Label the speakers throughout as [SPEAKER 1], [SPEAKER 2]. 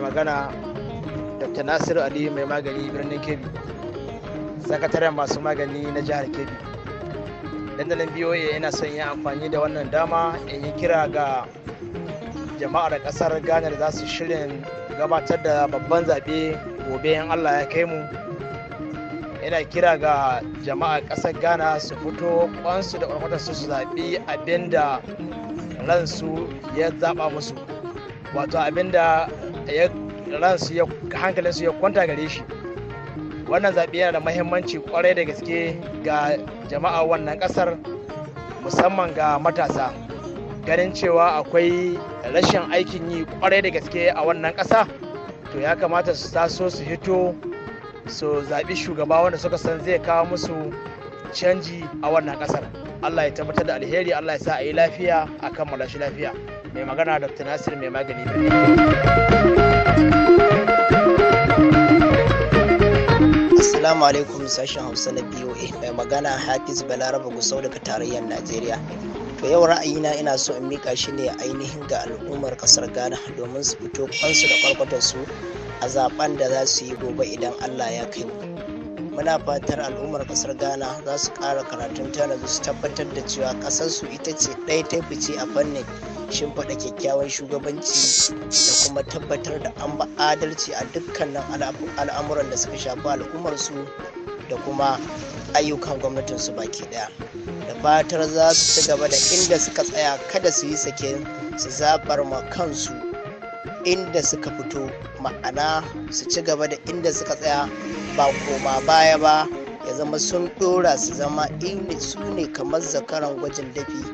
[SPEAKER 1] magana dr Nasiru ali mai magani birnin kebbi sakataren masu magani na jihar kebbi dandalin biyoyi yana son yin amfani da wannan dama in yi kira ga jama'ar kasar ghana da za su shirin gabatar da babban zaɓe gobe in allah ya kai mu yana kira ga jama'a ƙasar ghana su fito kwansu da kwarkwatarsu su zaɓi abin ransu ya zaɓa musu wato abin da ransu ya hankalinsu ya kwanta gare shi wannan zaɓe yana da mahimmanci kwarai da gaske ga jama'a wannan ƙasar musamman ga matasa ganin cewa akwai rashin aikin yi kwarai da gaske a wannan ƙasa to ya kamata su taso su hito so zaɓi shugaba wanda suka san zai kawo musu canji a wannan ƙasar allah ya tabbatar da alheri allah ya sa a yi lafiya a kan malashi lafiya mai magana dr nasir mai magani
[SPEAKER 2] Assalamu alaikum sashen Hausa na BOA mai magana Hafiz Balaraba Gusau daga tarayyar Najeriya. to yau ra'ayina ina so in mika shi ne ainihin ga al'ummar kasar ghana domin su fito kwansu da kwarkwatar su a zaben da za su yi gobe idan allah ya kai mu muna fatar al'ummar kasar ghana za su kara karatun tana su tabbatar da cewa ƙasarsu ita ce ɗaya ta fice a fannin shimfaɗa kyakkyawan shugabanci da kuma tabbatar da an ba adalci a dukkanin al'amuran da suka shafi al'ummarsu da kuma ayyukan gwamnatin su baki ɗaya da fatar za su ci gaba da inda suka tsaya kada su yi sake su zabar ma kansu inda suka fito ma'ana su ci gaba da inda suka tsaya ba koma baya ba ya zama sun dora su zama su ne kamar zakaran gwajin dafi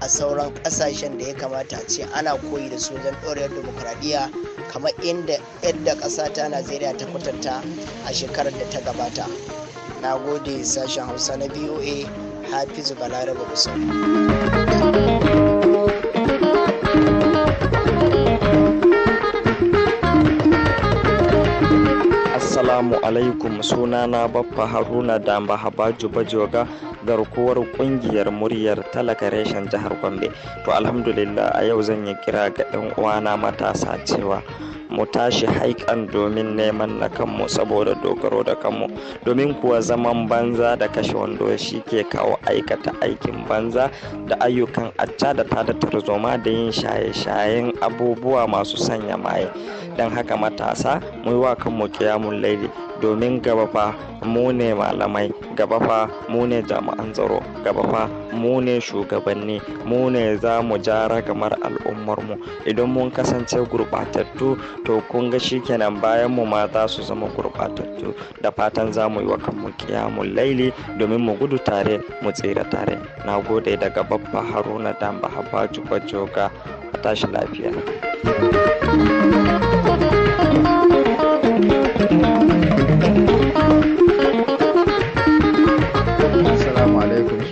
[SPEAKER 2] a sauran kasashen da ya kamata ce ana koyi da su don ɗorewar demokuraɗiyya kamar inda yadda ƙasa ta najeriya ta kwatanta a shekarar da ta gabata na gode sashen hausa na voa hafizu balarabe gusau
[SPEAKER 3] Assalamu alaikum suna na Baffa Haruna da Habaju Bajoga garkuwar kungiyar muryar talaka reshen jihar Gombe. To alhamdulillah a yau zan yi kira ga 'yan uwana matasa cewa mu tashi haikan domin neman na kanmu saboda dogaro da kanmu domin kuwa zaman banza da kashe wando shi ke kawo aikata aikin banza da ayyukan acca da ta- da tarzoma da yin shaye-shayen abubuwa masu sanya maye don haka matasa mu yi wa kanmu kiyamun laili domin gaba fa mu ne malamai gaba fa mu ne jami'an tsaro gaba fa mu ne shugabanni mu ne za mu jara kamar al'ummarmu idan mun kasance gurɓatattu to kun ga shi kenan bayan mu ma za su zama gurbatattu da fatan za mu yi wa kanmu kiyamun laili domin mu gudu tare mu tsira tare na gode daga babba haruna damba habaju bajoga a tashi lafiya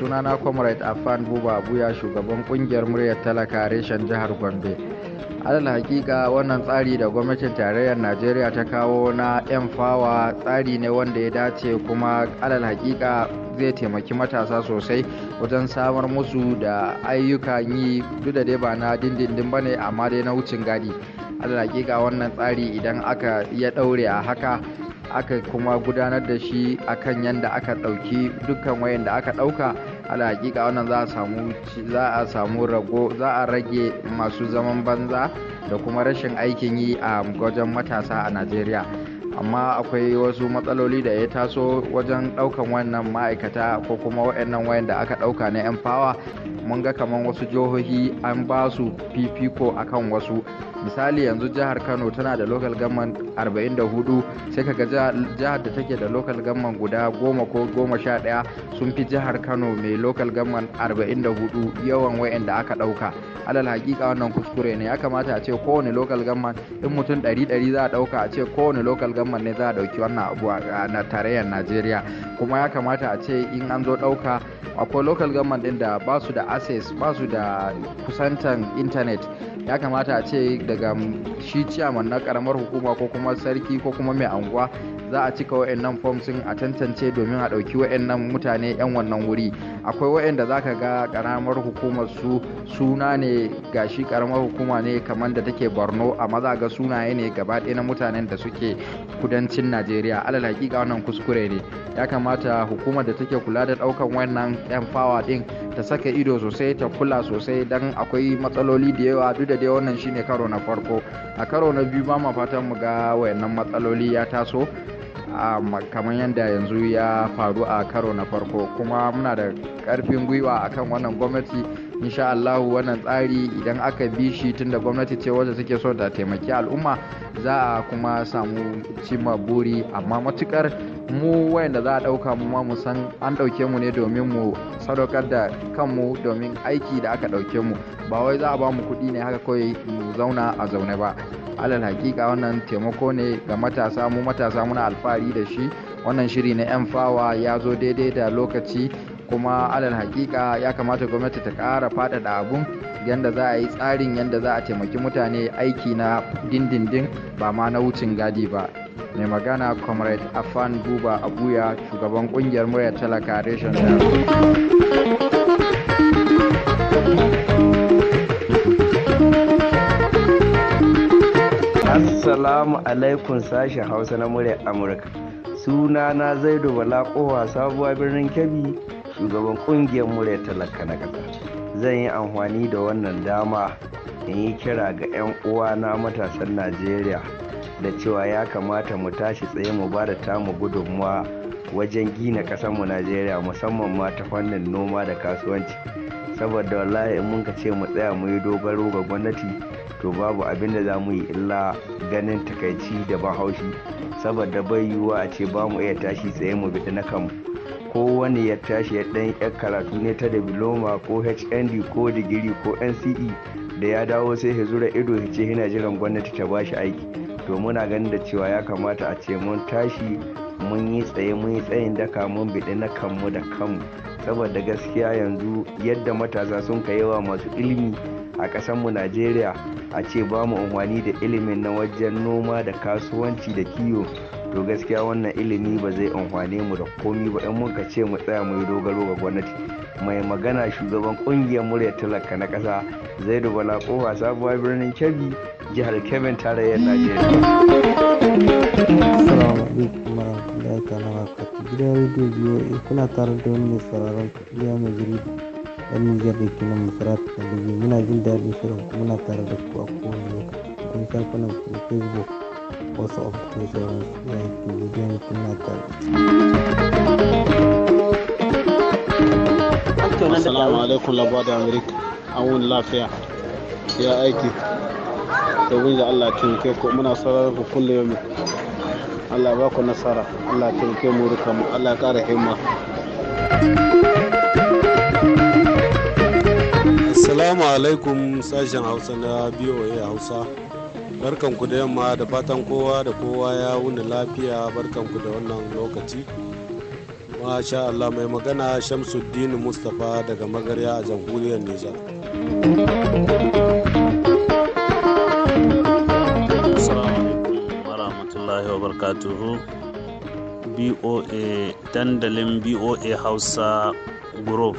[SPEAKER 4] sunana Comrade Afan Buba Abuya shugaban kungiyar muryar talaka reshen jihar Gombe. alal hakika wannan tsari da gwamnatin tarayyar najeriya ta kawo na yan fawa tsari ne wanda ya dace kuma alal hakika zai taimaki matasa sosai wajen samar musu da ayyukan yi duk da dai ba na dindindin ba ne amma dai na wucin gadi alal hakika wannan tsari idan aka ya daure a haka aka kuma gudanar da shi akan yanda aka ɗauki dukkan wayan da aka ɗauka ala hakika wannan za a samu za a samu rago za a rage masu zaman banza da kuma rashin aikin yi a wajen matasa a najeriya amma akwai wasu matsaloli da ya taso wajen daukan wannan ma'aikata ko kuma waɗannan wayan da aka dauka na yan fawa mun ga kamar wasu jihohi an ba su fifiko akan wasu misali yanzu jihar kano tana da local government 44 sai kaga jihar da take da local government guda goma ko 11 sha sun fi jihar kano mai local government 44 yawan da aka dauka alal hakika wannan kuskure ne ya kamata a ce kowane local government in mutum 100 za a dauka a ce kowane local government ne za a dauki wannan abu na tarayyar najeriya kuma ya kamata a ce in an zo dauka akwai local government din da ba su da access ba su da kusantan intanet ya kamata a ce daga shi ciyaman na karamar hukuma ko kuma sarki ko kuma mai anguwa za a cika wa'annan fom sun a tantance domin a ɗauki wa'annan mutane 'yan wannan wuri akwai waɗanda za ka ga karamar hukumar su suna ne gashi karamar hukuma ne kamar da take borno amma za ga sunaye ne gaba ɗaya na mutanen da suke kudancin najeriya alal hakika wannan kuskure ne ya kamata hukumar da take kula da ɗaukan wannan yan fawa ɗin ta saka ido sosai ta kula sosai don akwai matsaloli da yawa duk da dai wannan shine karo na farko a karo na biyu ba ma fatan mu ga wayannan matsaloli ya taso Ah, kamar yadda yanzu ya faru a karo na farko kuma muna da karfin gwiwa a kan wannan gwamnati insha Allahu wannan tsari idan aka bi shi tunda gwamnati ce wadda take so ta taimaki al'umma za a kuma samu cimma buri amma matukar mu wayanda za a ɗauka mu ma mu san an ɗauke mu ne domin mu sadaukar da kanmu domin aiki da aka ɗauke mu ba wai za a ba mu kuɗi ne haka kawai mu zauna a zaune ba alal hakika wannan taimako ne ga matasa mu matasa muna alfahari da shi wannan shiri na yan fawa ya zo daidai da lokaci kuma alal hakika ya kamata gwamnati ta ƙara faɗaɗa abun yadda za a yi tsarin yadda za a taimaki mutane aiki na dindindin ba ma na wucin gadi ba mai magana comrade afan buba abuya shugaban kungiyar murya talaka reshen
[SPEAKER 5] assalamu alaikum sashen hausa na murya amurka suna na zaidu bala kowa sabuwa birnin kebbi shugaban kungiyar murya talaka na kasa zan yi amfani da wannan dama in yi kira ga 'yan uwa na matasan najeriya da cewa ya kamata mu tashi tsaye mu ba da tamu gudunmuwa wajen gina mu najeriya musamman ma ta fannin noma da kasuwanci saboda wallahi in muka ce mu tsaya mu yi dogaro ga gwamnati to babu abin da za mu yi illa ganin takaici da bahaushi saboda bai yiwuwa a ce ba mu iya tashi tsaye mu bi na kanmu kowane ya tashi ya ɗan yar karatu ne ta diploma ko hnd ko digiri ko nce da ya dawo sai ya zura ido ya ce yana jiran gwamnati ta ba shi aiki to muna ganin da cewa ya kamata a ce mun tashi mun yi tsaye mun yi tsayin daka mun biɗi na kanmu da kanmu saboda gaskiya yanzu yadda matasa sun ka yawa masu ilimi a ƙasanmu najeriya a ce ba mu umarni da ilimin na wajen noma da kasuwanci da kiwo to gaskiya wannan ilimi ba zai amfane mu da komi ba in muka ce mu tsaya mu yi dogaro ga gwamnati mai magana shugaban kungiyar murya talaka na kasa zaidu bala kofa sabuwar birnin kebbi jihar kebbi tarayyar najeriya
[SPEAKER 6] aika na wakati gidan rediyo biyu kuna tare da wani sauraron
[SPEAKER 3] dan nijar da ke nan da muna jin daɗin shirin kuma muna
[SPEAKER 6] tare da ku a kowane lokaci kun shafunan ku facebook also of treasures like leading metal. Assalamu alaikum labada Amerika, an lafiya, ya aiki, da da Allah tunke ko muna sarar ku kullum Allah ba ku nasara, Allah tunke mu rika mu, Allah kara himma. Assalamu alaikum sashen Hausa na BOA Hausa. barkan ku da yamma da fatan kowa da kowa ya wuni lafiya barkan ku da wannan lokaci masha Allah mai magana Shamsuddin Mustapha daga magarya a jamhuriyar Nijar BOA dandalin BOA Hausa Group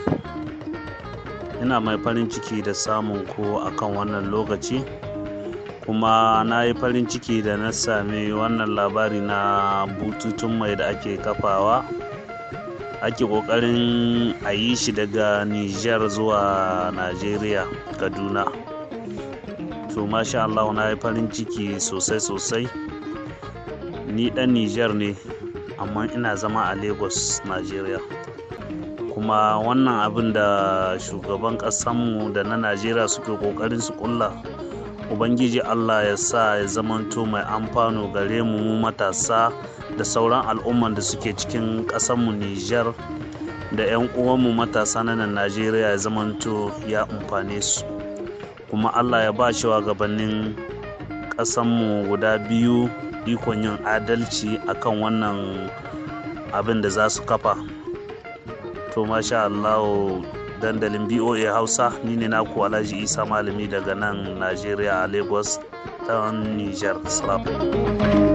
[SPEAKER 6] yana mai farin ciki da samun ku akan wannan lokaci kuma na yi farin ciki da na sami wannan labari na bututun mai da ake kafawa ake kokarin a yi shi daga niger zuwa nigeria kaduna to masha allahu na yi farin ciki sosai sosai ni dan niger ne amma ina zama a lagos nigeria kuma wannan abin da shugaban ƙasanmu da na najeriya suke ƙoƙarin su ƙulla ubangiji allah ya sa ya zamanto mai amfano gare mu matasa da sauran al'umman da suke cikin ƙasanmu nijar da 'yan uwanmu matasa na najeriya ya zamanto ya amfane su kuma allah ya ba shi gabanin mu guda biyu ikon yin adalci akan wannan abin da za su kafa to masha allahu dandalin BOA Hausa ni ne naku Alhaji Isa Malami daga nan Najeriya a Lagos ta Niger. Salamu